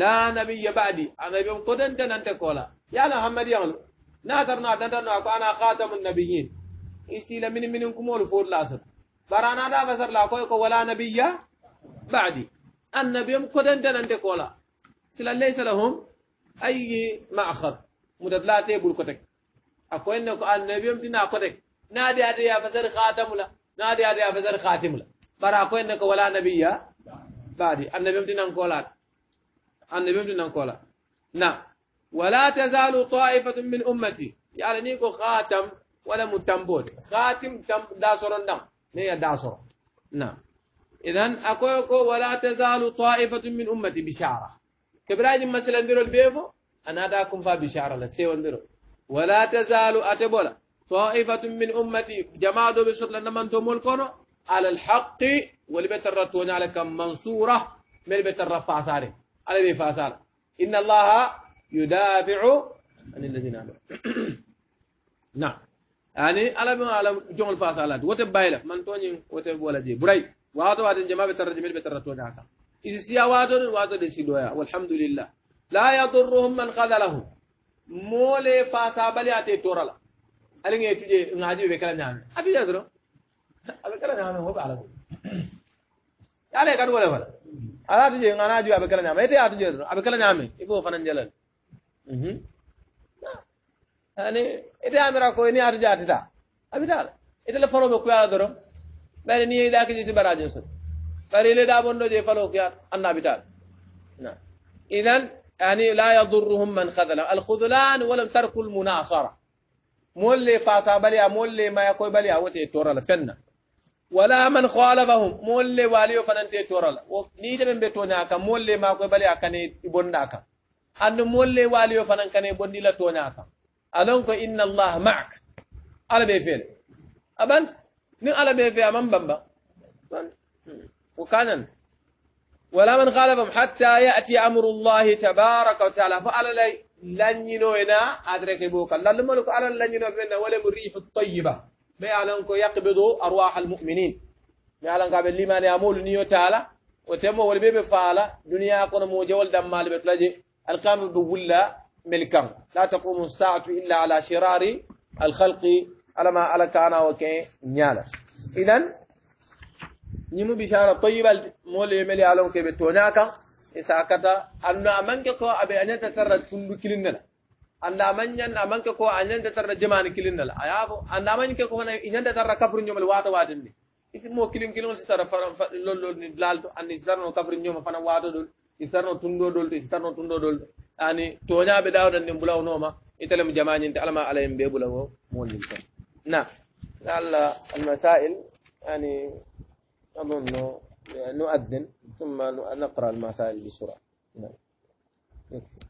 لا نبي بعدي انا بيوم كودن دن أنت كولا يا محمد يعمل ناترنا ناترنا أكو أنا خاتم النبيين إستيلا من منكم والفور لاسر برانا دا بسر لا كوي ولا نبي بعدي النبي مو كدن دن أنت كولا سلا ليس لهم أي مأخذ مدبلاتي بول كوتك أكو إنك النبي متنا كوتك نادي ادي يا بسر خاتم لا نادي هذا فزر خاتم لا برا كو انك ولا نبي يا بعد النبي متي نانكولات النبي متي نانكولات نعم ولا تزال طائفة من أمتي يعني نيكو خاتم ولا متنبوت خاتم تم داسور النم ني داسور نعم إذن أكوكو ولا تزال طائفة من أمتي بشارة كبراج مثلا ديرو البيفو أنا داكم فا بشارة لسيو ديرو ولا تزال أتبولا طائفة من أمتي جماعة بسر لنا من توم الكون على الحق ولي بترتون عليك كم منصورة من بتر ساري على بيفا فاسار إن الله يدافع عن الذين آمنوا نعم يعني على ما على جون الفاسالات وتبايلة من توني وتبولا جي براي وهذا واحد جماعة بترجم من بترتون عليك إذا سيا وهذا واحد يسيلويا والحمد لله لا يضرهم من خذلهم مولى فاسابلي أتي تورلا alinge tuje ibn hajibe ɓe kala ñaami a tuja doro aɓe kala ñaami hoɓe ala ko ala e kadi wole fala ala tuje ana ju aɓe kala ñaami ete a tuje doro aɓe kala ñaami iko fanan jalal ani ete amira koye ni a tuja atita abitala itele faloɓe kuyala doro ɓayde ni yeyiɗa kiji si barajo so ɓari leɗa bonɗo je falo kuyat anda abitala idan يعني لا يضرهم من خذلهم الخذلان ولم ترك المناصره مولي فاسا بليا مولي ما يقول بليا وتي تورال فن ولا من خالفهم مولي واليو فننتي تورال ني جبن بتونيا كا مولي ما يقول بليا كاني يبوندا كا ان مولي واليو فنن كاني بوندي لا تونيا كا الونكو ان الله معك على بيفيل ابان ني على بيفيل امام بامبا وكانن ولا من خالفهم حتى ياتي امر الله تبارك وتعالى فعل لنينوينا أدرك بوكا للملك على لنينو بينا ولم الريح الطيبة ما يعلن يقبض أرواح المؤمنين ما يعلن قابل لما يعمل نيو تعالى وتمو والبيبي فعلا دنيا أكون موجول دمال بتلاجي القام بولا ملكم لا تقوم الساعة إلا على شرار الخلق على ما على كان وكي نيالا إذن نمو بشارة طيبة مولي ملي علون كي بتوناكا isakata anna amanke ko abe anyanta tarra tundu kilinnala anna amanyan amanke ko anyanta tarra jamani kilinnala ayabo anna amanke ko na inyanta tarra kafru nyomal wato watindi isi mo kilin kilin si tarra lollo ni dalto anni istarno kafru nyoma fana wato dol istarno tundo dol istarno tundo dol ani tonya be dawdan ni bulaw noma italem jamani ta alama alayim be bulawo molin ta na Allah al masail يعني أظن نؤذن ثم نقرأ المسائل بسرعة نعم يكفي